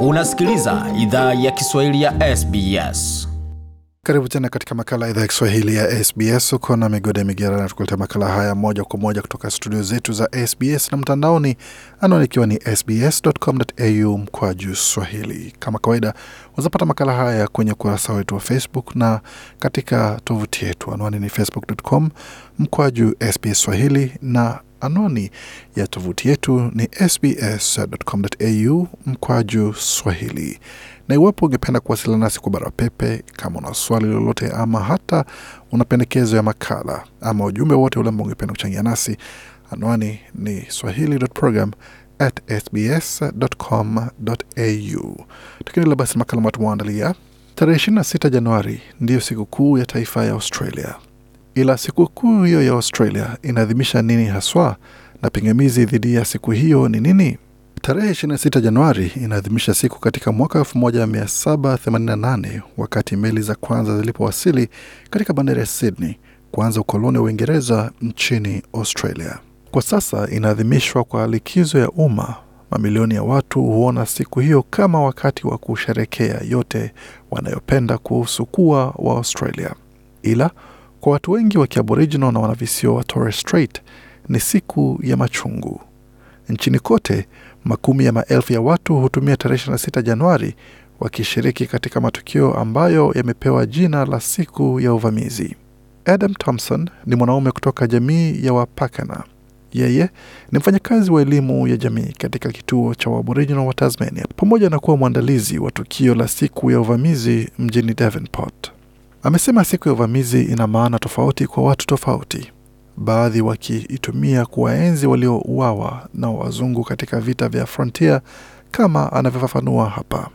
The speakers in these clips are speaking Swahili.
Unasikiliza idhaa ya Kiswahili ya SBS. Karibu tena katika makala ya idhaa ya Kiswahili ya SBS. Uko na Migode Migerana tukuletea makala haya moja kwa moja kutoka studio zetu za SBS na mtandaoni, anwani ikiwa ni sbs.com.au mkwa juu swahili. Kama kawaida, wazapata makala haya kwenye ukurasa wetu wa Facebook na katika tovuti yetu, anwani ni facebook.com mkwa juu SBS swahili na Anwani ya tovuti yetu ni sbs.com.au mkwaju Swahili. Na iwapo ungependa kuwasiliana nasi kwa barua pepe, kama una swali lolote ama hata una pendekezo ya makala ama ujumbe wote ule ambao ungependa kuchangia nasi, anwani ni swahili.program@sbs.com.au. Tukiendelea basi makala matumaandalia, tarehe 26 Januari ndiyo sikukuu ya taifa ya Australia. Ila sikukuu hiyo ya Australia inaadhimisha nini haswa, na pingamizi dhidi ya siku hiyo ni nini? Tarehe 26 Januari inaadhimisha siku katika mwaka 1788 wakati meli za kwanza zilipowasili katika bandari ya Sydney kuanza ukoloni wa Uingereza nchini Australia. Kwa sasa inaadhimishwa kwa likizo ya umma. Mamilioni ya watu huona siku hiyo kama wakati wa kusherekea yote wanayopenda kuhusu kuwa wa Australia, ila kwa watu wengi wa Kiaboriginal na wanavisio wa Torres Strait ni siku ya machungu. Nchini kote, makumi ya maelfu ya watu hutumia tarehe 26 Januari wakishiriki katika matukio ambayo yamepewa jina la siku ya uvamizi. Adam Thompson ni mwanaume kutoka jamii ya Wapakana. Yeye ni mfanyakazi wa elimu ya jamii katika kituo cha Waaboriginal wa Tasmania, pamoja na kuwa mwandalizi wa tukio la siku ya uvamizi mjini Devonport. Amesema siku ya uvamizi ina maana tofauti kwa watu tofauti, baadhi wakiitumia kuwaenzi waliouawa na wazungu katika vita vya Frontier, kama anavyofafanua hapa.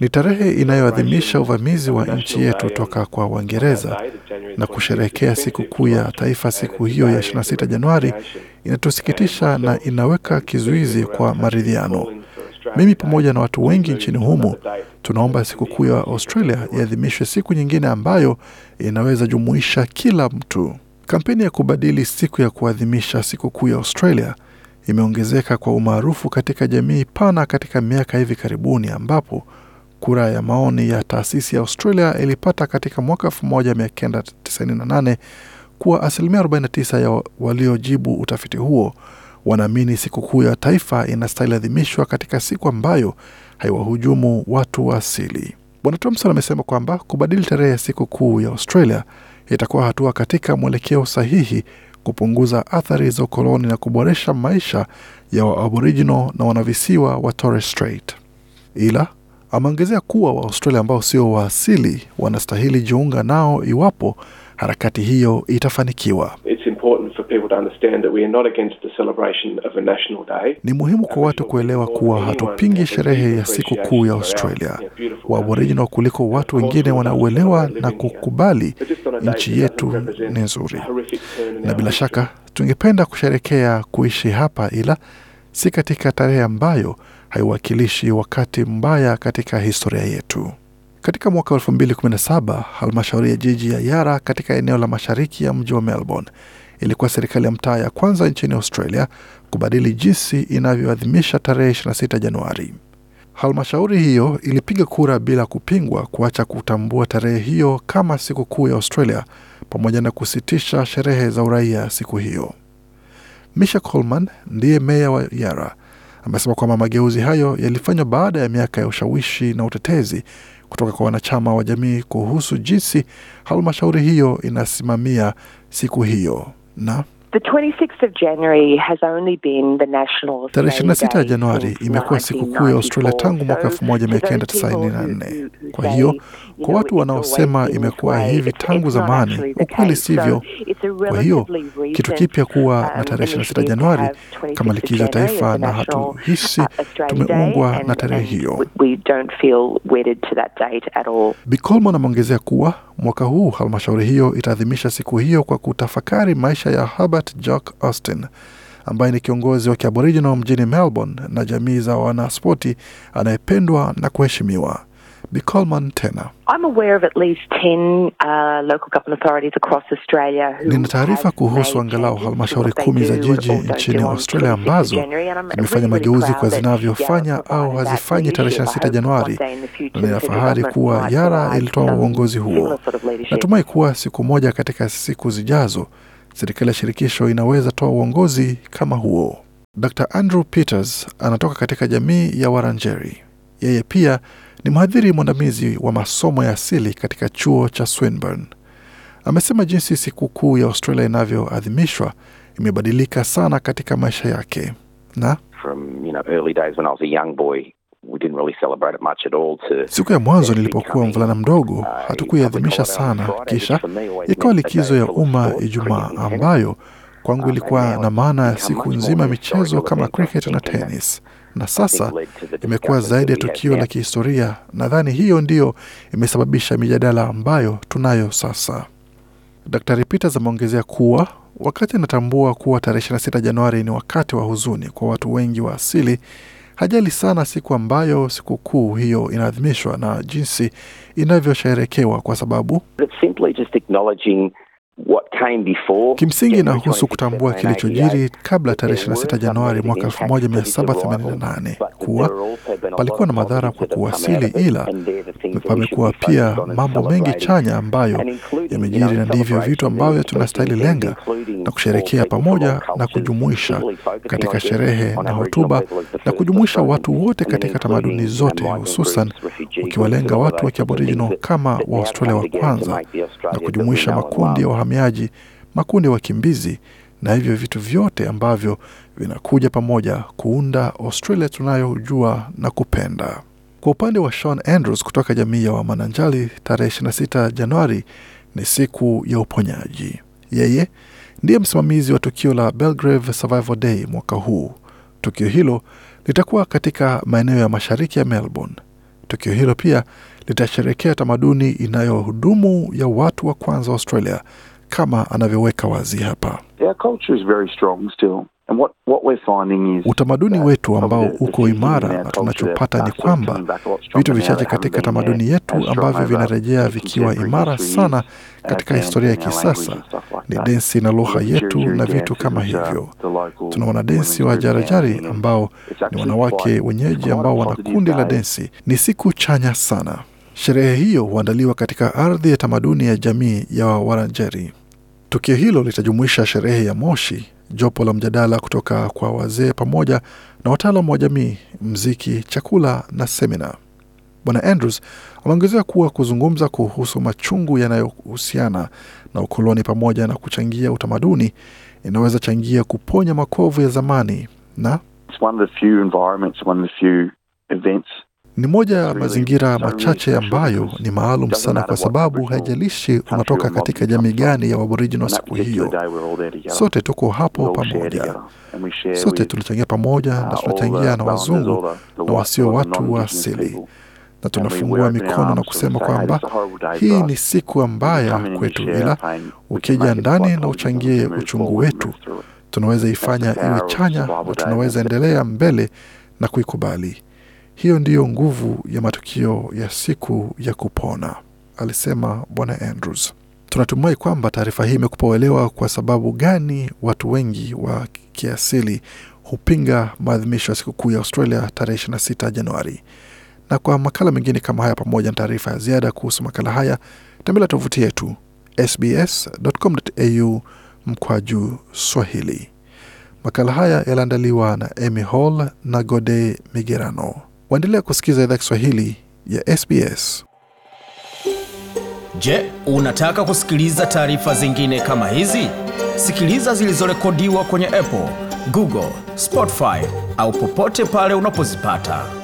Ni tarehe inayoadhimisha uvamizi wa nchi yetu toka kwa Uingereza na kusherehekea sikukuu ya taifa. Siku hiyo ya 26 Januari inatusikitisha na inaweka kizuizi kwa maridhiano. Mimi pamoja na watu wengi nchini humo tunaomba sikukuu ya Australia iadhimishwe siku nyingine ambayo inaweza jumuisha kila mtu. Kampeni ya kubadili siku ya kuadhimisha sikukuu ya Australia imeongezeka kwa umaarufu katika jamii pana katika miaka hivi karibuni, ambapo kura ya maoni ya taasisi ya Australia ilipata katika mwaka 1998 kuwa asilimia 49 ya waliojibu utafiti huo wanaamini sikukuu ya taifa inastahili adhimishwa katika siku ambayo haiwahujumu watu wa asili. Bwana Thompson amesema kwamba kubadili tarehe ya siku kuu ya Australia itakuwa hatua katika mwelekeo sahihi kupunguza athari za ukoloni na kuboresha maisha ya Waaboriginal na wanavisiwa wa Torres Strait. Ila ameongezea kuwa Waaustralia ambao sio waasili wanastahili jiunga nao iwapo harakati hiyo itafanikiwa. Ni muhimu kwa watu kuelewa kuwa hatupingi sherehe ya siku kuu ya Australia. Waaboriginal kuliko watu wengine wanauelewa na kukubali nchi yetu ni nzuri, na bila shaka tungependa kusherekea kuishi hapa, ila si katika tarehe ambayo haiwakilishi wakati mbaya katika historia yetu. Katika mwaka 2017 halmashauri ya jiji ya Yara katika eneo la mashariki ya mji wa Melbourne ilikuwa serikali ya mtaa ya kwanza nchini Australia kubadili jinsi inavyoadhimisha tarehe 26 Januari. Halmashauri hiyo ilipiga kura bila kupingwa kuacha kutambua tarehe hiyo kama siku kuu ya Australia pamoja na kusitisha sherehe za uraia siku hiyo. Misha Coleman ndiye meya wa Yara amesema kwamba mageuzi hayo yalifanywa baada ya miaka ya ushawishi na utetezi kutoka kwa wanachama wa jamii kuhusu jinsi halmashauri hiyo inasimamia siku hiyo na Tarehe 26 ya Januari imekuwa sikukuu ya Australia tangu mwaka 1994. Kwa hiyo kwa watu wanaosema imekuwa hivi tangu zamani, ukweli sivyo. Kwa hiyo kitu kipya um, kuwa na tarehe 26 Januari kama likizo ya taifa, na hatuhisi uh, tumeungwa na tarehe hiyo. bicolman ameongezea kuwa mwaka huu halmashauri hiyo itaadhimisha siku hiyo kwa kutafakari maisha ya Herbert Jack Austin ambaye ni kiongozi wa kiaboriginal mjini Melbourne na jamii za wanaspoti anayependwa na kuheshimiwa. Nicole Montena. Uh, nina taarifa kuhusu angalau halmashauri kumi za jiji nchini Australia ambazo zimefanya mageuzi kwa zinavyofanya au hazifanyi tarehe 6 Januari, na nina fahari kuwa Yara ilitoa uongozi huo. Natumai kuwa siku moja katika siku zijazo serikali ya shirikisho inaweza toa uongozi kama huo. Dr Andrew Peters anatoka katika jamii ya Waranjeri. Yeye pia ni mhadhiri mwandamizi wa masomo ya asili katika chuo cha Swinburne. Amesema jinsi sikukuu ya Australia inavyoadhimishwa imebadilika sana katika maisha yake na Siku ya mwanzo nilipokuwa mvulana mdogo hatukuiadhimisha sana, kisha ikawa likizo ya umma Ijumaa, ambayo kwangu um, ilikuwa na maana ya siku nzima michezo kama cricket na tennis na sasa imekuwa zaidi ya tukio la kihistoria. Nadhani hiyo ndiyo imesababisha mijadala ambayo tunayo sasa. dr Peters ameongezea kuwa wakati anatambua kuwa tarehe 26 Januari ni wakati wa huzuni kwa watu wengi wa asili, hajali sana siku ambayo sikukuu hiyo inaadhimishwa na jinsi inavyosherekewa kwa sababu Kimsingi inahusu kutambua kilichojiri kabla tarehe 26 Januari mwaka 1788 kuwa palikuwa na madhara kwa kuwasili, ila pamekuwa pia mambo mengi chanya ambayo yamejiri, na ndivyo vitu ambavyo tunastahili lenga na kusherekea pamoja na kujumuisha katika sherehe na hotuba na kujumuisha watu wote katika tamaduni zote, hususan ukiwalenga watu wa Kiaborijino kama Waaustralia wa kwanza na kujumuisha makundi ya wahamiaji, makundi ya wakimbizi na hivyo vitu vyote ambavyo vinakuja pamoja kuunda Australia tunayojua na kupenda. Kwa upande wa Sean Andrews kutoka jamii ya Wamananjali, tarehe 26 Januari ni siku ya uponyaji. Yeye ndiye msimamizi wa tukio la Belgrave Survival Day mwaka huu. Tukio hilo litakuwa katika maeneo ya mashariki ya Melbourne. Tukio hilo pia litasherekea tamaduni inayohudumu ya watu wa kwanza Australia kama anavyoweka wazi hapa. Utamaduni wetu ambao uko imara, na tunachopata ni kwamba vitu vichache katika tamaduni yetu ambavyo vinarejea vikiwa imara sana katika uh, historia ya kisasa ni densi na lugha yetu na vitu kama uh, hivyo. Tuna densi wa Jarajari ambao ni wanawake wenyeji ambao wana kundi la densi. Ni siku chanya sana. Sherehe hiyo huandaliwa katika ardhi ya tamaduni ya jamii ya Waranjeri. Tukio hilo litajumuisha sherehe ya moshi, jopo la mjadala kutoka kwa wazee pamoja na wataalam wa jamii, mziki, chakula na semina. Bwana Andrews ameongezea kuwa kuzungumza kuhusu machungu yanayohusiana na ukoloni pamoja na kuchangia utamaduni inaweza changia kuponya makovu ya zamani na ni moja ya mazingira machache ambayo ni maalum sana, kwa sababu haijalishi unatoka katika jamii gani ya wa siku hiyo, sote tuko hapo pamoja, sote tunachangia pamoja, na uh, tunachangia na wazungu na wasio watu wa asili, na tunafungua mikono na kusema kwamba hii ni siku mbaya kwetu, ila ukija ndani na uchangie uchungu wetu, tunaweza ifanya iwe chanya na tunaweza endelea mbele na kuikubali. Hiyo ndiyo nguvu ya matukio ya siku ya kupona, alisema Bwana Andrews. Tunatumai kwamba taarifa hii imekupa uelewa kwa sababu gani watu wengi wa kiasili hupinga maadhimisho ya sikukuu ya Australia tarehe 26 Januari. Na kwa makala mengine kama haya, pamoja na taarifa ya ziada kuhusu makala haya, tembelea tovuti yetu sbs.com.au mkwaju Swahili. Makala haya yaliandaliwa na Emy Hall na Gode Migerano. Waendelea kusikiza idhaa Kiswahili ya SBS. Je, unataka kusikiliza taarifa zingine kama hizi? Sikiliza zilizorekodiwa kwenye Apple, Google, Spotify au popote pale unapozipata.